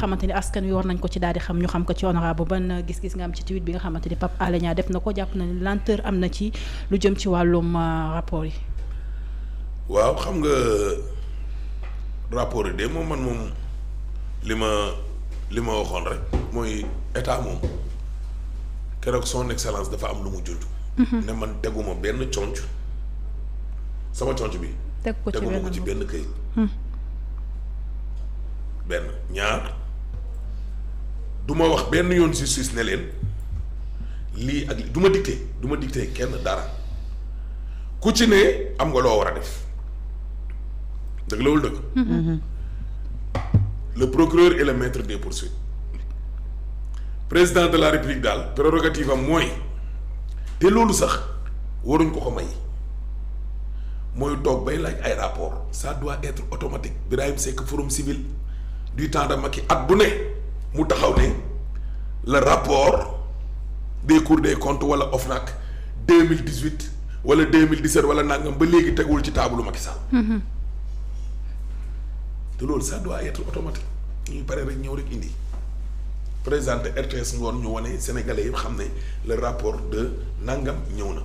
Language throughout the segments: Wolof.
xamante ni askan wi war nañ ko ci daal di xam ñu xam ko ci honorable ban gis-gis nga am ci tweet bi nga xamante ni Pape Alé def na ko jàpp na ni lenteur am na ci lu jëm ci wàllum euh, rapport yi waaw xam nga rapport yi de moom man moom li ma li ma waxoon rek mooy état moom keroog son excellence dafa am lu mu junj mhm. ne man teguma benn conc sama conc bi teguma ko ci benn këyit hmm. benn ñaar du ma wax benn yoon justice ne leen lii ak li du ma dicté du ma dicté kenn dara ku ci ne am nga loo war a def dëgg loolu dëgg mm-hmm. le procureur est le maître des poursuites président de la république daal prérogative am mooy te loolu sax waruñ ko ko may mooy toog bay laaj ay rapport ça doit être automatique Birahim Seck forum civil du temps de Macky at bu ne mu taxaw ne la rapport des cours des comptes wala OFNAC de mille dix huit wala de mille dix sept wala nangam ba léegi tegul ci taabalu Macky Sall. te loolu ça doit être automatique ñu pare rek ñëw rek indi présenté RTS ngoon ñu wane sénégalais yëpp xam ne le rapport de nangam ñëw na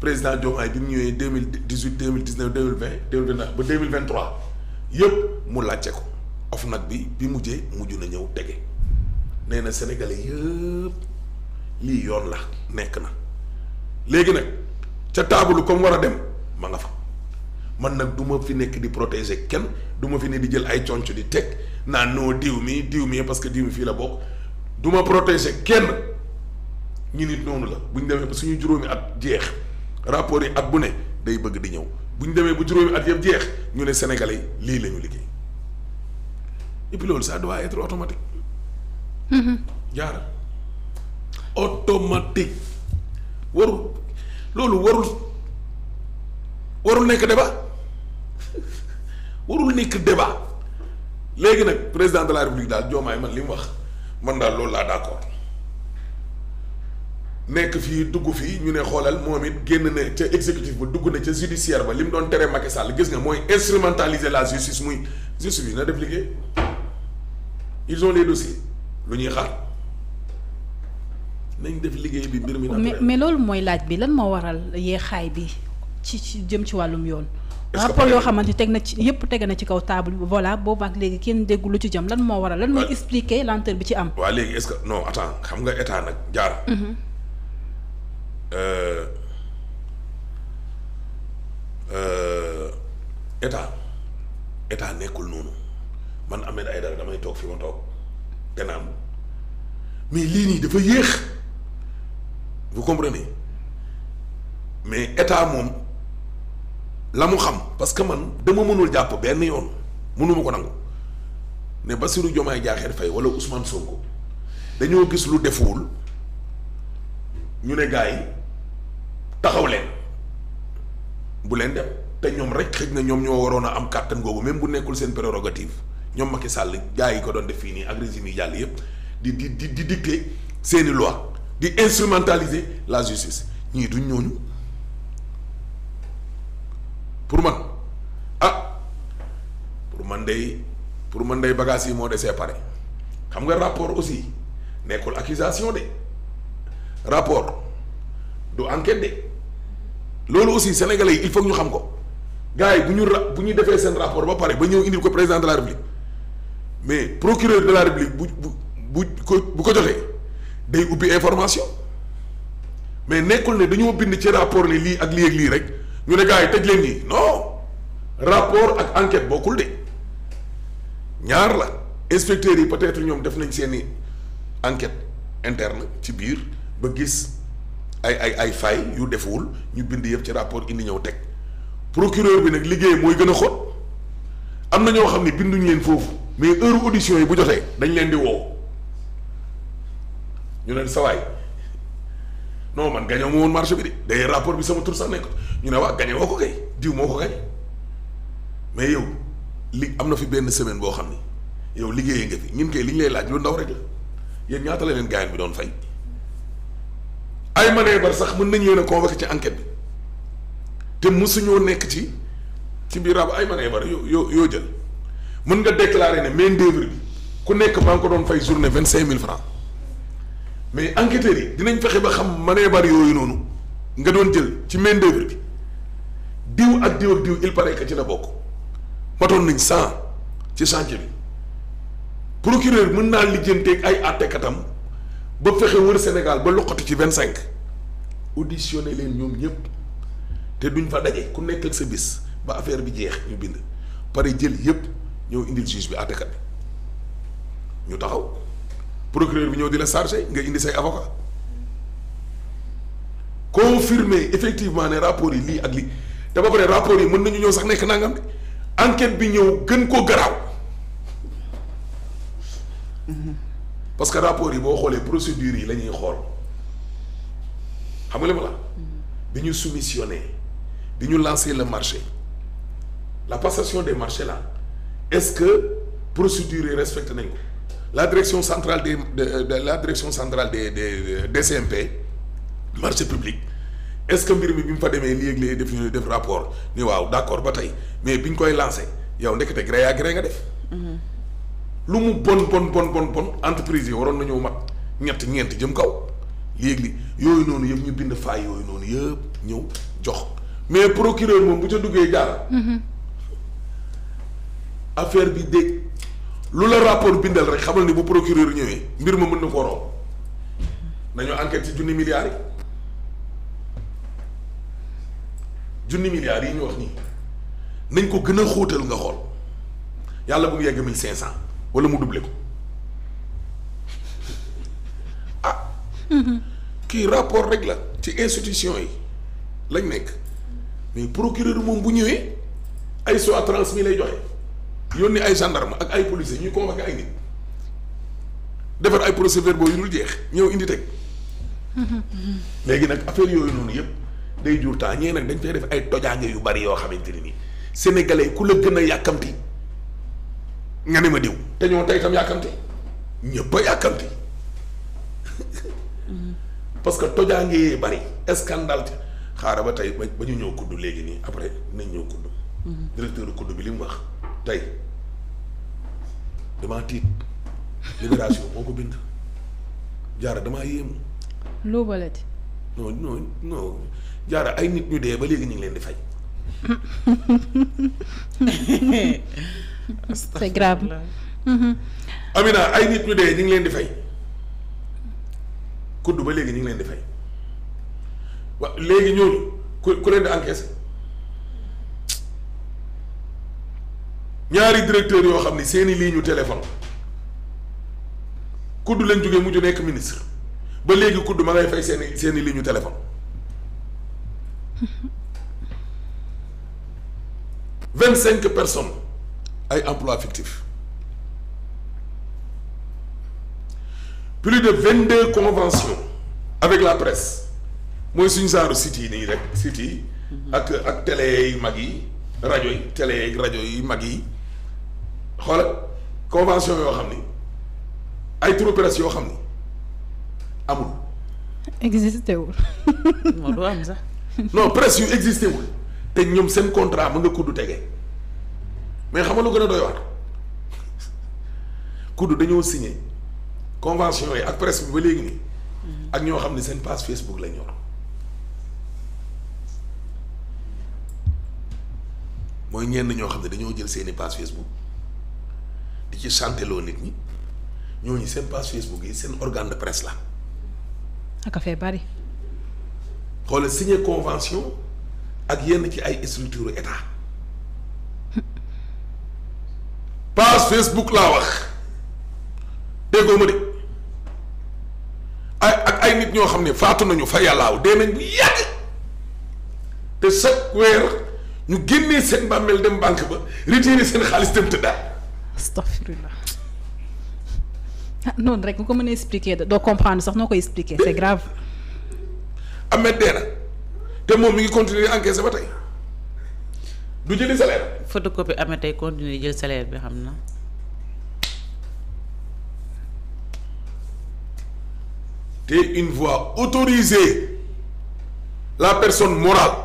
président Diomaye bi mu ñëwee deux mille dix huit deux mille dix neuf deux mille vingt deux mille ba deux mille vingt trois yëpp mu laajte ko. nag bi bi mujjee mujj na ñëw tege nee na sénégalais yëpp lii yoon la nekk na léegi nag ca taabalu comme war a dem ma nga fa man nag duma fi nekk di protéger kenn duma fi ne di jël ay conc di teg naan noo diw mi diw mi parce que diw mi fii la bokk du ma protéger kenn ñu nit noonu la bu ñu demee ba suñu juróomi at jeex rapport yi at bu ne day bëgg di ñëw bu demee bu juróomi at yëpp jeex ñu ne sénégalais lii la liggéey. et puis loolu ça doit être automatique. Mm-hmm. jaara automatique warul loolu warul warul nekk débat warul nekk débat léegi nag président de la république daal Diomaye man li mu wax man daal loolu laa d'accord nekk fii dugg fii ñu ne xoolal moom it génn ne ca exécutif bu dugg na ca judiciaire ba li mu doon tere Macky Sall gis nga mooy instrumentaliser la justice muy justice bi na def liggéey. ils ont les dossiers lu ñuy xaar nañ def liggéey bi mbir mi. mais mais loolu mooy laaj bi lan moo waral yeexaay bi ci ci jëm ci wàllum yoon. rapport yoo xamante teg na ci yëpp tege na ci kaw table voilà boobu ak léegi kenn déggu lu ci jëm lan moo waral lan mooy expliquer lenteur bi ci am. waaw léegi est-ce que non attends xam nga état nag jaar. Mhm. Euh, euh, état état nekkul noonu. man Ahmed Aïdara damay toog fi ma toog gannaaw mais lii nii dafa yéex vous comprenez mais état moom la mu xam parce que man dama mënul jàpp benn yoon mënuma ko nangu ne Bassirou Diomaye Diakhar Faye wala Ousmane Sonko dañoo gis lu defuwul ñu ne gars yi taxaw bu leen dem te ñoom rek xëj na ñoom ñoo waroon a am kàttan googu même bu nekkul seen prérogative ñoom Macky Sall gars yi ko doon def fii nii ak régime yi jàll yëpp di di di di dicter seeni loi di instrumentaliser la justice ñii duñ ñooñu pour man ah pour man day pour man day bagages yi moo desee pare xam nga rapport aussi nekkul accusation de rapport du enquête de loolu aussi sénégalais yi il faut ñu xam ko gars yi bu ñu ra bu ñu defee seen rapport ba pare ba ñëw indil ko président de la république mais procureur de la république bu bu bu ko bu ko jotee day ubbi information mais nekkul ne dañoo bind ci rapport ni lii ak lii ak lii rek ñu ne gars yi tëj leen nii non rapport ak enquête bokkul de ñaar la inspecteurs yi peut-être ñoom def nañ seeni enquête interne ci biir ba gis ay ay ay fay yu defuwul ñu bind yëpp ci rapport indi ñëw teg procureur bi nag liggéey mooy gën a xóot am na ñoo xam ne binduñ leen foofu. mais heure audition yi bu jotee dañ leen di wow ñu leen sawaay non man gañoo ma woon marché bi de day rapport bi sama tur sax nekk ñu ne waa gañe woo ko kay diw moo ko gañe mais yow li am na fi benn semaine boo xam ni yow liggéeyee nga fi ñun kay li ñu lay laaj lu ndaw rek la yéen ñaata la leen gaayan bi doon fay ay manœuvre sax mën nañ leen a convoqué ci enquête bi te mosuñoo nekk ci ci biir rab ay manœuvre yoo yoo yoo jël mën nga déclarer ne main d'œuvre bi ku nekk maa ngi ko doon fay journée vingt cinq mille francs mais enquêteurs yi dinañ fexe ba xam bari yooyu noonu nga doon jël ci main d'œuvre bi diw ak diw ak diw il paraît que ci la bokk matoon nañ cent ci chantier bi procureur mën naa lijjanteeg ay àttekatam ba fexe wër Sénégal ba loqatu ci vingt cinq audition auditionné leen ñoom ñëpp te duñ fa daje ku nekk ak sa bis ba affaire bi jeex ñu bind pare jël yëpp. ñëw indil juge bi àttekat bi ñu taxaw procureur bi ñëw di la chargé nga indi say avocat confirmer effectivement ne rapport yi lii ak lii te ba pare rapport yi mën nañu ñëw sax nekk nangam de enquête bi ñëw gën koo garaaw parce que rapport yi boo xoolee procédure yi la ñuy xool xam nga li ma la bi ñu soumissionné bi ñu lancé le marché la passation des marché là est-ce que procédures yi respecté nañ ko la direction centrale des de, de la direction centrale des des DCMP marché public est-ce que mbir mi bi mu fa demee lii ak lii def ñu def rapport ni waaw d'accord ba tey mais bi ñu koy lancé yow ndekete gré à gré nga def. Mm-hmm. lu mu bon bon bon bon entreprise yi waroon na ñëw mag ñett ñeent jëm kaw lii ak lii yooyu noonu yëpp ñu bind faay yooyu noonu yëpp ñëw jox mais procureur moom bu ca duggee jaara mm-hmm. affaire bi de lu la rapport bindal rek xamal ni bu procureur ñëwee mbir ma mën na ko room nañu enquête ci junni milliards yi junni milliards yi ñu wax nii nañ ko gën a xóotal nga xool yàlla bu mu yegg mille cinq cent wala mu doublé ko ah kii rapport rek la ci institution yi lañ nekk mais procureur moom bu ñëwee ay soit transmis lay joxe yónni ay gendarme ak ay policiers ñuy convoqué ay nit defar ay procès verbaux yu dul jeex ñëw indi teg léegi nag affaire yooyu noonu yëpp day jur temps ñee nag dañ fay def ay tojaange yu bari yoo xamante ne nii sénégalais ku la gën yàkkamti nga ne ma diw te ñoo tey tam yàkkamti ñëpp a yàkkamti parce que tojaange yee bari scandale ci xaaral ba tey ba ñu ñëw kudd léegi nii après nañ ñëw kudd mm-hmm. directeur kudd bi li mu wax tey damaa tiit libération moo ko bind jaara damaa yéemu. loo balati. non non jaara ay nit ñu dee ba léegi ñu ngi leen di fay. c'est mm-hmm. Amina ay nit ñu dee ñu ngi leen di fay. kudd ba léegi ñu ngi leen di fay. wa léegi ñooñu ku ku leen di encaisser. ñaari directeur yoo xam ni seeni ligne téléphone kudd lañ jógee mujj nekk ministre ba léegi kudd ma ngay fay seeni seeni ligne téléphone vingt cinq personnes ay emploi fictif plus de vingt deux conventions avec la presse mooy suñu saaru site yi nii rek site ak ak télé yi mag yi rajo yi télé yi rajo yi mag yi xoolal convention yoo xam ni ay turu presse yoo xam ni amul. existé wul. moo du am sax. non presse yu existé wul te ñoom seen contrat mën nga kudd tege mais xam nga lu gën a doy waar kudd dañoo signé convention yi ak presse bi ba léegi nii. Mm-hmm. ak ñoo xam ne seen page Facebook la ñor mooy ñenn ñoo xam ne dañoo jël seeni page Facebook. di ci chanteloo nit ñi ñooñu seen page Facebook yi seen organ de presse la. ak affaire bari. xoolal signer convention ak yenn ci ay structure état page Facebook laa wax déggoo ma de ay ak ay nit ñoo xam ne faatu nañu fa yàllaaw dee nañ bu yàgg te chaque weer ñu génnee seen bàmmeel dem banque ba retirer seen xaalis dem tëddaat. astafurlah ah, noonu rek bu ko mën a da doo comprendre sax noo koy expliquer c'est grave. Ahmed dee na te moom mi ngi continuer encaisser ba tey du jëli salaire. photocopie Ahmed tey continuer jël salaire bi xam na. te une voie autorisée la personne morale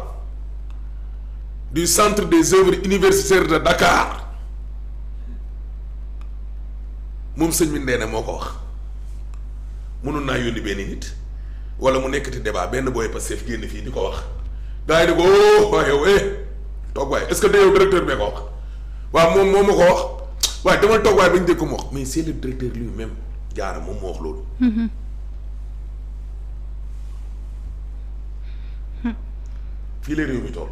du centre des œuvres universitaires de Dakar. moom sëñ bi Ndeene moo ko wax mënoon naa yónni benn nit wala mu nekkati débat benn booy Pastef génn fii di ko wax gars yi di ko oh waaye yow eh toog waay est-ce que de yow directeur bee ko wax waaw moom moo ma ko wax waaye dama toog waay bañ dégg ko mu wax mais c'est le directeur lui-même jaara moom moo wax loolu. Mm-hmm. fii la réew mi toll.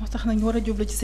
moo tax nañu war a jublu ci seen.